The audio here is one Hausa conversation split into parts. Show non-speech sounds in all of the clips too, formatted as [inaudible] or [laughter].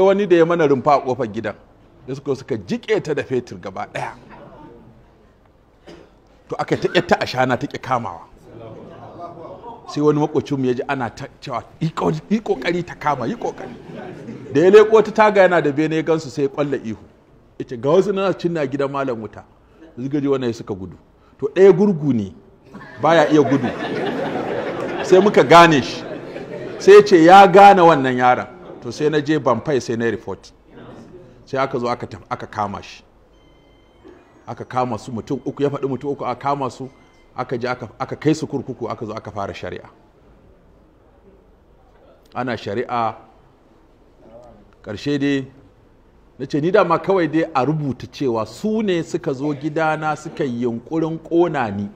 wani da ya mana rumfa a kofar gidan da suka suka jike ta da fetur gaba daya to aka ta ta ashana ta kamawa sai wani makwacin mu ya ji ana ta cewa yi kokari ta kama yi kokari da ya leko ta taga yana da bene gansu sai ya kwalla ihu ce ga wasu na cinna gidan malam wuta zuga ji wannan suka gudu to ɗaya gurgu ne baya iya gudu sai muka gane shi sai ce ya gane wannan yaron to sai na je Fai sai na report sai aka zo aka kama shi aka kama su mutum uku ya faɗi mutum uku aka kama su aka je aka kai su kurkuku aka zo aka fara shari'a ana shari'a ƙarshe dai na ce ni dama kawai dai a rubuta cewa su ne suka zo gidana suka yi yunkurin ƙona ni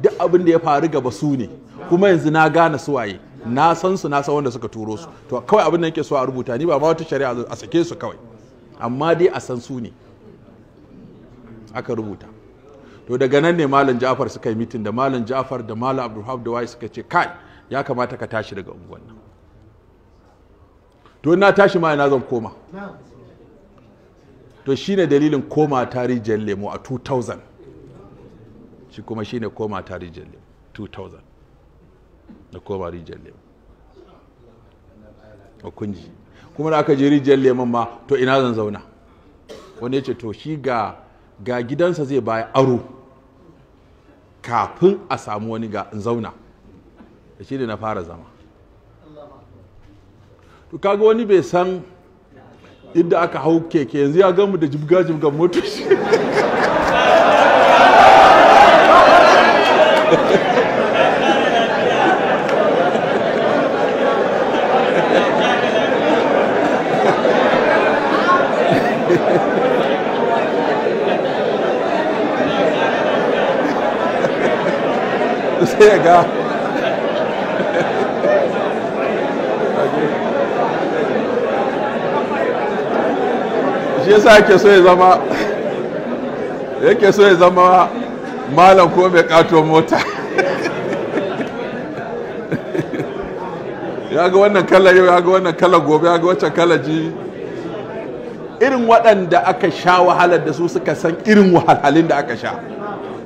duk abin da ya faru gaba su ne kuma yanzu na gane suwaye na san su na san wanda suka turo su to kawai abin da yake so a rubuta ni ba ma wata shari'a a sake su kawai amma dai a san su ne aka rubuta to daga nan ne malam Ja'far suka yi mitin da malam Ja'far da malam Wahab da wai suka ce kai ya kamata ka tashi daga unguwan nan to na tashi ma ina zan koma to shine dalilin koma tarihin lemo a 2000 shi kuma shine koma tarihin lemo 2000 da koma rijiyar lemu a kunji kuma da aka je rijiyar lemun ma to ina zan zauna wani ya ce to shi ga gidansa zai baya aro kafin a samu wani ga zauna da shi na fara zama to kaga wani bai san inda aka hau keke yanzu ya gamu da jibga-jibgan motoci [laughs] yasa yake so ya zama yake so ya zama malam ko mai kato mota ya ga wannan kala yau ya ga wannan kala gobe ya ga wacce kala ji irin waɗanda aka sha wahalar da su suka san irin wahalhalin da aka sha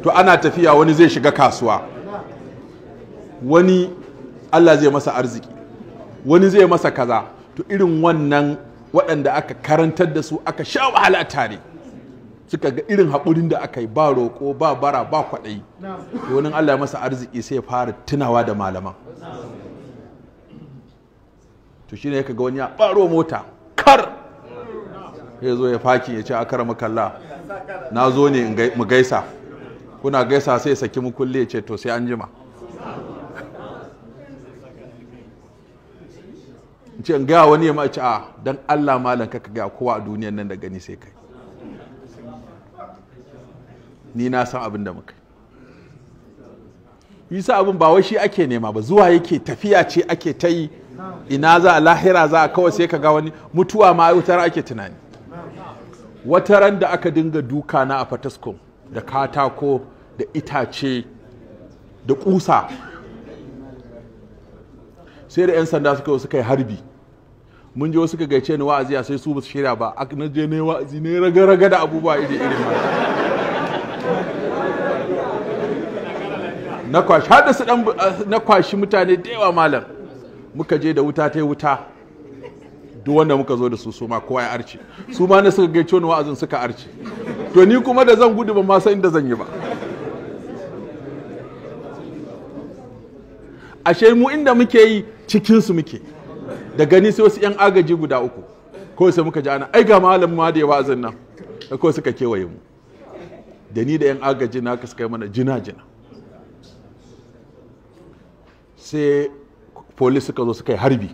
to ana tafiya wani zai shiga kasuwa wani Allah zai masa arziki wani zai masa kaza to irin wannan waɗanda aka karantar da su aka sha wahala tare suka ga irin haƙurin da aka yi ba roƙo ba bara ba kwaɗayi to wani Allah masa arziki sai ya fara tunawa da malaman to shine ya ga wani ya ɓaro mota kar ya zo ya faki ya ce akara makalla na zo ne mu gaisa kuna gaisa sai saki mu kulle ya ce to sai an jima ce ga wani ya a don Allah malam ka ga kowa a duniyan nan da gani sai kai ni na san abin da muka yisa abin ba wai shi ake nema ba zuwa yake tafiya ce ake ta yi ina za a lahira za a kawai sai ka ga wani mutuwa ma wutar ake tunani wata ran da aka dinga duka na a fataskom da katako da itace da kusa sai da 'yan sanda suka suka yi harbi mun je suka gaice ni wa'azi sai su basu shirya ba a na je ne wa'azi ne raga raga da abubuwa iri iri ma na kwashi har da su dan na kwashi mutane da yawa malam muka je da wuta tai wuta duk wanda muka zo da su su ma kowa ya arce su ma na suka gaice ni wa'azin suka arce to ni kuma da zan gudu ba ma san inda zan yi ba ashe mu inda muke yi cikinsu muke da gani sai wasu 'yan agaji guda uku ko sai muka ji ana ai ga malamin ma da ya wa'azin nan ko suka kewaye mu da ni da 'yan agaji na ka suka yi mana jina jina sai polis suka zo suka yi harbi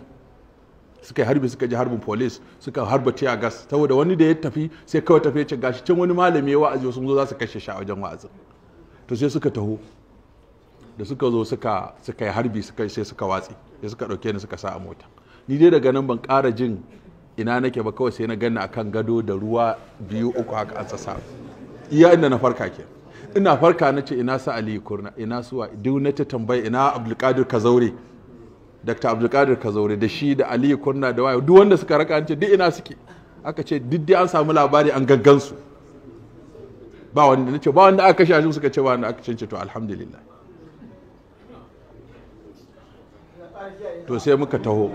suka yi harbi suka ji harbin polis suka harba tiya gas saboda wani da ya tafi sai kawai tafi ya ce gashi can wani malami ya wa'azi wasu zo za su kashe shi a wajen wa'azin to sai suka taho da suka zo suka suka yi harbi suka sai suka watsi sai suka dauke ni suka sa a mota ni dai daga nan ban ƙara jin ina nake ba kawai sai na ganna akan gado da ruwa biyu uku haka an tsasa iya inda na farka ke ina farka na ce ina sa aliyu kurna ina suwa duk na ta tambaye ina abdulkadir kazaure dr abdulkadir kazaure da shi da aliyu kurna da wayo duk wanda suka raka an ce duk ina suke aka ce duk dai an samu labari an gaggansu ba wanda na ce ba wanda aka kashe suka ce ba wanda aka cance to alhamdulillah to sai muka taho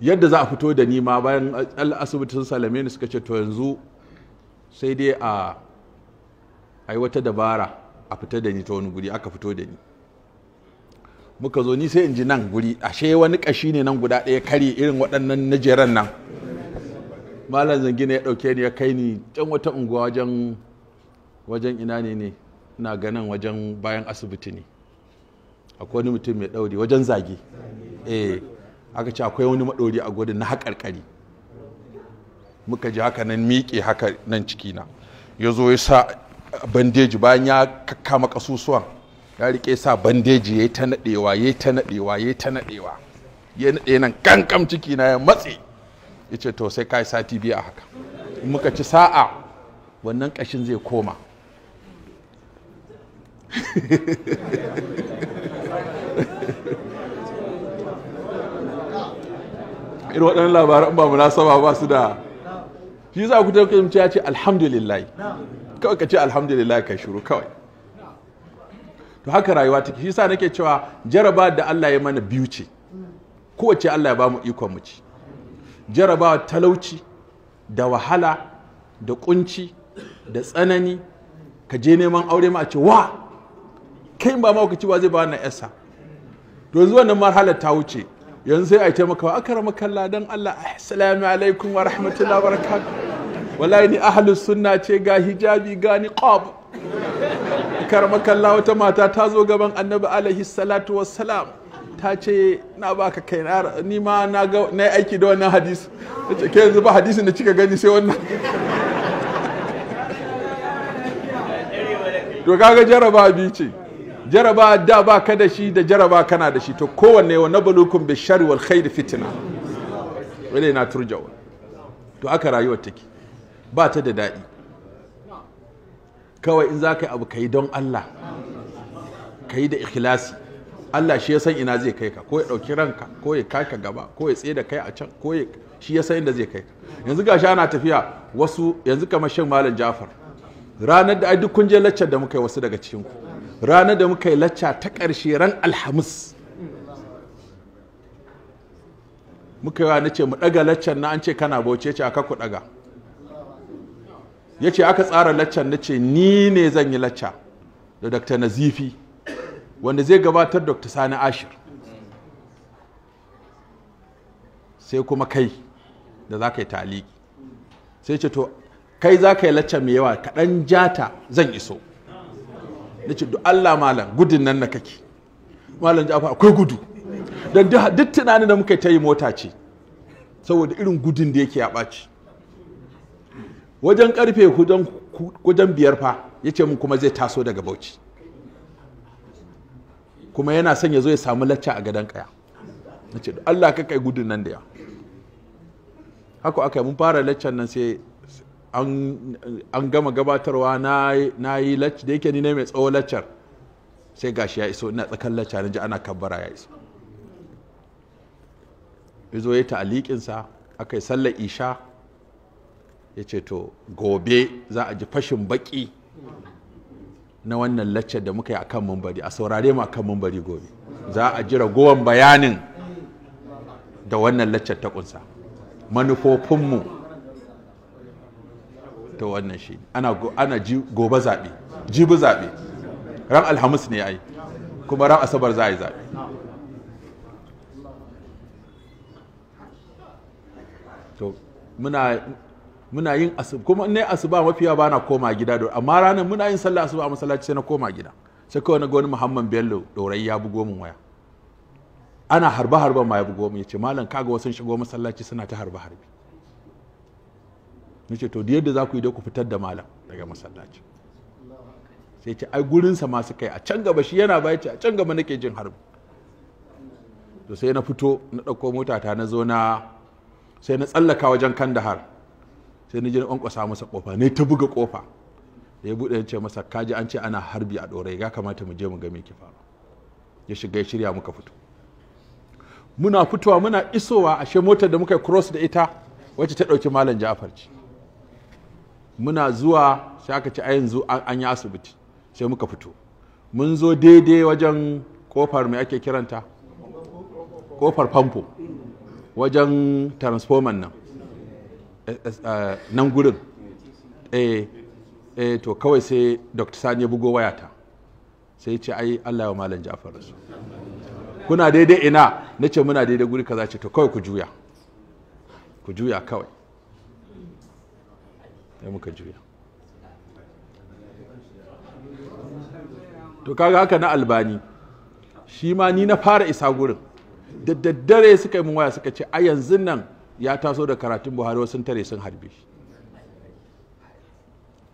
yadda za a fito da ni ma bayan asibitin salame ni suka ce to yanzu sai dai a ai wata dabara a fita da ni ta wani guri aka fito da ni muka zo ni sai in ji nan guri ashe wani kashi ne nan guda ɗaya kare irin waɗannan najeran nan malam zangina ya ɗauke ni ya kai ni can wata unguwa wajen wajen ina ne ne na ganin wajen bayan asibiti ne akwai wani mutum mai ɗauri wajen zage eh aka ce akwai wani maɗauri a gudun na haƙarƙari muka ji haka nan miƙe haka nan cikina ya zo ya sa bandeji bayan ya kakkama ƙasusuwan ya riƙe sa bandeji ya yi ta naɗewa ya yi ta naɗewa ya yi ta naɗewa ya naɗe nan kankam cikina ya matse ya ce to sai ka yi sati biyu a haka muka ci sa'a wannan ƙashin zai koma [laughs] [laughs] irin waɗannan labaran ba munasaba ba su da shi za ku tafi ya ce alhamdulillah kawai ka ce alhamdulillah ka shuru kawai to haka rayuwa take shi sa nake cewa jaraba da Allah ya mana biyu ce kowace Allah ya ba mu ikon mu ci jarabawa talauci da wahala da kunci da tsanani ka je neman aure ma a ce wa kai ba ma ka ci ba zai ba wannan yasa to yanzu wannan marhalar ta wuce yanzu sai a ce a akrama kalla dan Allah assalamu alaikum wa rahmatullahi wa barakatu wallahi ni ahlus sunna ce ga hijabi ga niqab akrama kalla wata mata ta zo gaban annabi alaihi salatu wassalam ta ce na baka kai ni ma na ga na aiki da wannan hadisi ce ke yanzu ba hadisin da kika gani sai wannan to kaga jarabawa bi ce jaraba da ba ka da shi da jaraba kana da shi to kowanne wa nablukum bishari wal khair fitna wale na turjawa to aka rayuwar take ba ta da daɗi kawai in za ka yi abu ka yi don Allah ka yi da ikhlasi Allah shi ya san ina zai kai ka ko ya ɗauki ranka ko ya kai ka gaba ko ya tsaye da kai a can ko ya shi ya san inda zai kai ka yanzu shi ana tafiya wasu yanzu kamar shan malam Jafar ranar da ai duk kun je laccar da muka yi wasu daga cikin ku ranar da muka yi lacca ta ƙarshe ran alhamis muka yi wa ce mu ɗaga laccan na an ce kana bauce ce aka ku ɗaga ya ce aka tsara laccan na ce ni ne zan yi lacca da dr nazifi wanda zai gabatar dr sani ashir sai kuma kai da za ka yi taliki sai ce to kai za ka yi lacca mai yawa kaɗan jata zan iso na ce duk Allah malam gudun nan na kake malam jafa akwai gudu don duk tunanin da muka ta yi mota ce saboda irin gudun da yake ya ɓaci wajen karfe wajen biyar fa ya ce mun kuma zai taso daga bauchi kuma yana son ya zo ya samu lacca a gadon kaya na ce Allah ka kai gudun nan da ya haka aka yi mun fara laccan nan sai an gama gabatarwa na yi lacci da yake ni ne mai tsawo laccar sai gashi ya iso ina tsakan lacca na ji ana kabbara ya iso ya zo ya ta'aliƙinsa aka yi sallar isha ya ce to gobe za a ji fashin baƙi na wannan laccar da muka yi akan mumbari a saurare mu akan mumbari gobe za a ji ragowar bayanin da wannan laccar ta kunsa manufofinmu to wannan shi ana ana ji gobe zabe jibi zabe ran alhamis ne ai kuma ran asabar za a yi zabe to muna muna yin asuba kuma ne asuba mafiya ba na koma gida da amma ranar muna yin sallah asuba a masallaci sai na koma gida sai kawai na ga wani Muhammad Bello dorai ya bugo min waya ana harba harba ma ya bugo min yace malam kaga wasu shigo masallaci suna ta harba harbi nace to yadda za ku yi da ku fitar da malam daga masallaci sai ce ai gurinsa ma suka a can gaba shi yana bai ce a can gaba nake jin harbi to sai na fito na ɗauko mota ta na zo na sai na tsallaka wajen kandahar sai na ji na ƙwanƙwasa masa ƙofa ne ta buga ƙofa ya buɗe ya ce masa kaji an ce ana harbi a ɗorai ya kamata mu je mu ga me ke faru ya shiga ya shirya muka fito muna fitowa muna isowa ashe motar da muka cross da ita wacce ta ɗauki malam jafar ce muna zuwa sai aka ci a yanzu an yi asibiti sai muka fito mun zo daidai wajen kofar mai ake kiranta kofar famfo wajen transformer nan eh, eh, eh, nan gurin eh to kawai sai dr sani ya bugo wayata sai ce ai allah ya malam jafar su kuna daidai ina na ce muna daidai guri kaza ce to kawai ku juya ku juya kawai sai muka juya to kaga haka na albani shi ma ni na fara isa gurin da daddare suka yi min waya suka ce a yanzu nan ya taso da karatun buhari wasu tare sun harbe shi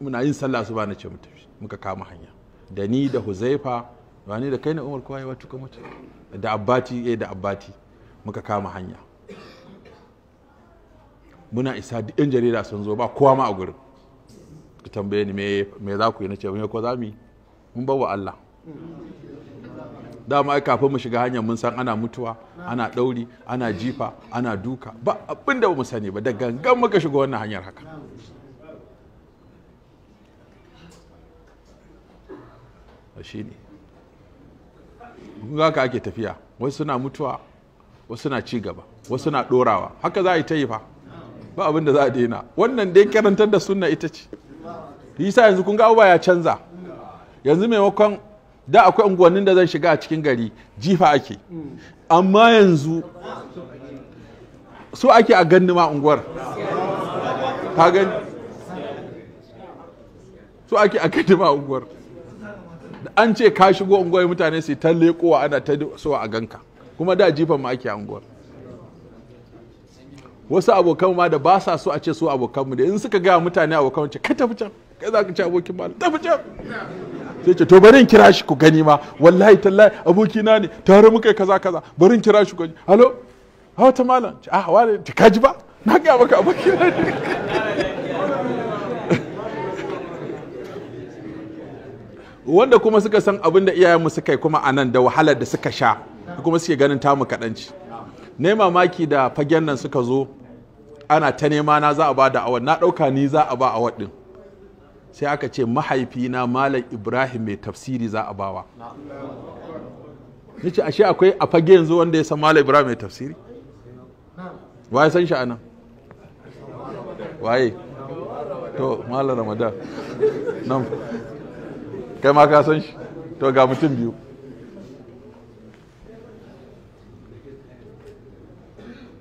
muna yin sallah su ba na ce mu tafi muka kama hanya da ni da huzaifa ba da kai na umar kowa ya wata da abbati eh da abbati muka kama hanya muna isa duk yan jarida sun zo ba kowa ma a gurin ka tambaye ni me za ku yi na ce ko za mu yi mun bawa Allah dama kafin mu shiga hanyar mun san ana mutuwa ana ɗauri ana jifa ana duka ba abin da mu sani ba da gangan muka shiga wannan hanyar haka shi ne ka ake tafiya wasu suna mutuwa wasu suna ci gaba wasu suna dorawa, haka za a yi ta yi fa ba abin da za a daina wannan dai karantar da sunna ita ce yasa yanzu kun ga abubuwa ya canza yanzu maimakon da akwai unguwannin da zan shiga a cikin gari jifa ake amma yanzu so ake a ganni ma unguwar ka gani so ake a ganni ma unguwar an ce ka shigo unguwar mutane su ta leƙowa ana ta so a ganka kuma da jifan ma ake a unguwar wasu abokan ma da ba sa so a ce su abokan mu da in suka gaya mutane abokan ce ka tafi can kai za ka ci abokin malam tafi can sai ce to bari in kira shi ku gani ma wallahi tallahi abokina ne tare muka yi kaza kaza bari in kira shi ku gani halo hawa ta malam ce ah wale ta kaji ba na gaya maka abokina ne [laughs] wanda kuma suka san abin da iyayenmu suka yi kuma a nan da wahalar da suka sha kuma suke ganin tamu kaɗanci ne mamaki da fagen nan suka zo ana ta nema na za a ba da awad na ɗauka ni za a ba awad ɗin sai aka ce mahaifina malam ibrahim mai tafsiri za a bawa nace ashe akwai a fage yanzu wanda ya san malam ibrahim mai tafsiri waye san shi anan waye to malam ramadan nan kai ma ka san shi to ga mutum biyu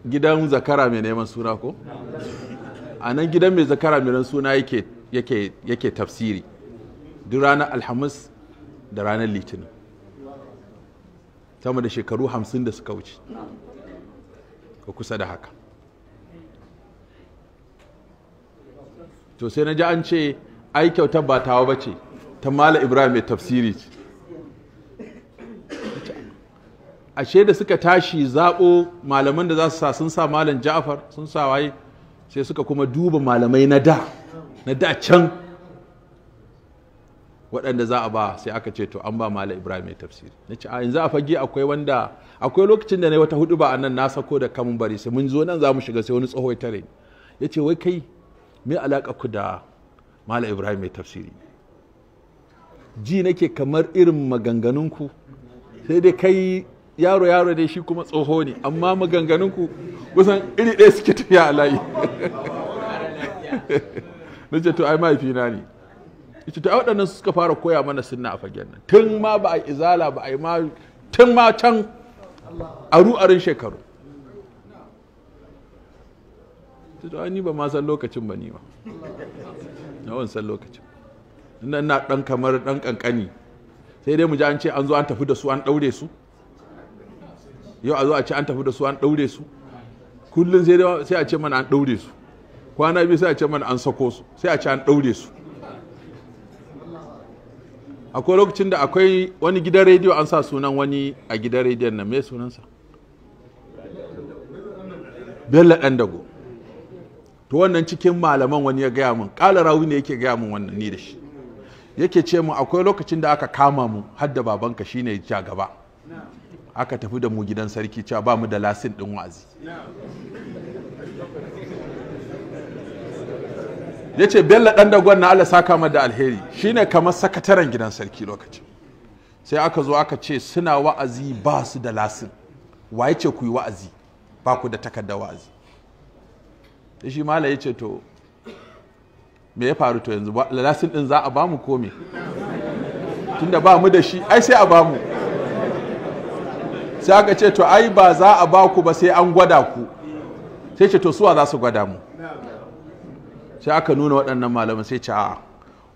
gidan zakara mai neman suna ko a nan gidan mai zakara mai neman suna yake tafsiri duk ranar alhamis da ranar litinin sama da shekaru hamsin da suka wuce ko kusa da haka to sai na ji an ce ai kyautar ba tawa ba ce ta mala ibrahim mai tafsiri ce ashe da suka tashi zaɓo malaman da za su sa sun sa malam ja'far sun sa waye sai suka kuma duba malamai na da na da can waɗanda za a ba sai aka ce to an ba malam ibrahim ya tafsiri na ce a yanzu a fage akwai wanda akwai lokacin da na wata hudu ba a nan na sako da kamun bari sai mun zo nan za mu shiga sai wani tsoho ya tare ya ce wai kai me alaƙa ku da malam ibrahim ya tafsiri ji nake kamar irin maganganunku sai dai kai yaro yaro ne shi kuma tsoho ne amma maganganunku kusan iri ɗaya suke tafiya a layi [laughs] na ce to ai mahaifina ne ita ta waɗannan suka fara koya mana sunna a fagen nan tun ma ba a izala ba a yi ma tun ma can a ru'arin shekaru ta ni ba ma san lokacin ba ni ba [laughs] na wani san lokacin ina na ɗan kamar ɗan ƙanƙani sai dai mu ji an ce an zo an tafi da su an ɗaure su yau a zo a ce an tafi da su an ɗaure su kullum sai a ce mana an ɗaure su kwana biyu sai a ce mana an sako su sai a ce an ɗaure su akwai lokacin da akwai wani gidan rediyo an sa sunan wani a gidan rediyon na mai sunansa bello ɗan dago to wannan cikin malaman wani ya gaya mun ƙala rawu ne yake gaya mun wannan ni da shi yake ce mu akwai lokacin da aka kama mu har da babanka shine ja gaba aka tafi da mu gidan sarki cewa ba mu da lasin ɗin wa'azi ya ce bello ɗan dagon na allah saka da alheri shine kamar sakataren gidan sarki lokacin sai aka zo aka ce suna wa'azi ba su da lasin waye ce ku yi wa'azi ba ku da takardar wa'azi Ya shi mala ya ce to me ya faru to yanzu lasin ɗin za a bamu mu kome tunda ba mu da shi ai sai a bamu sai aka ce to ai ba za a ba ku ba sai an gwada ku sai ce to suwa za su gwada mu sai aka nuna waɗannan malaman sai ce a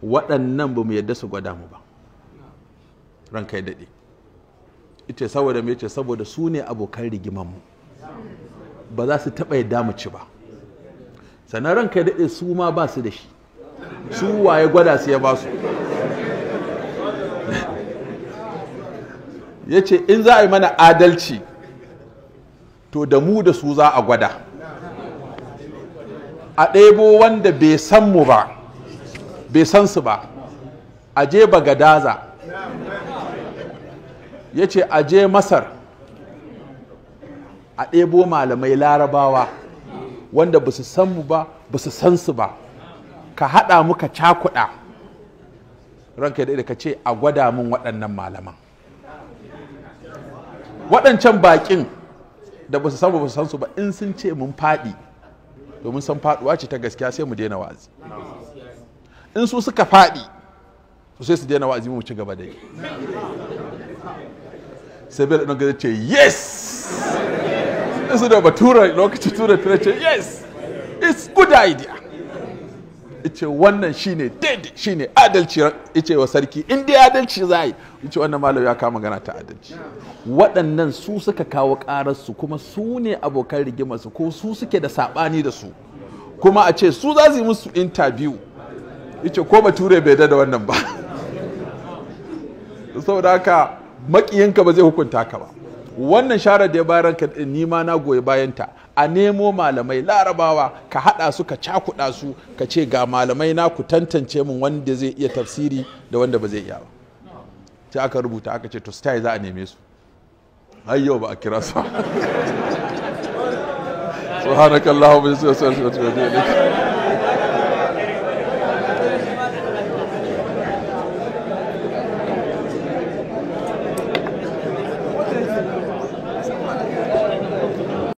waɗannan ba mu yadda su gwada mu ba ranka ya daɗe ita saboda mai ce saboda su ne abokan rigiman mu ba za su taɓa yadda mu ci ba sannan ranka ya daɗe su ma ba su da shi su waye gwada su ya ba su ya ce in za a yi mana adalci to da mu da su za a gwada a ɗebo wanda bai san mu ba bai san su ba a je bagadaza ya ce a je masar a ɗebo malamai larabawa wanda ba su san mu ba ba su san su ba ka haɗa muka cakuɗa ranka da ka ce a gwada mun waɗannan malaman waɗancan baƙin da ba su san ba su san su ba in sun ce mun faɗi domin san faɗuwa ce ta gaskiya sai mu daina wa'azi in su suka faɗi to sai su daina wa'azi mu ci gaba da yi sai bai da ce yes in su da tura lokaci tura tura ce yes it's good idea ce wannan shine daidai shine adalci ce wa sarki in dai adalci za yi ce wannan malam ya kama gana ta adalci waɗannan su suka kawo ƙararsu kuma su ne abokan rigimarsu ko su suke da saɓani da su kuma a ce su za su yi musu interview ce ko bature bai da wannan ba [laughs] saboda haka makiyinka ba zai hukunta ka ba wannan share da ya bayar ka ni ma na goyi bayanta a nemo malamai larabawa ka haɗa su ka cakuɗa su ka ce ga malamai na ku tantance min wanda zai iya tafsiri da wanda ba zai iya ba sai aka rubuta aka ce to style za a neme su har yau ba a kira su [laughs] subhanakallahumma wa bihamdika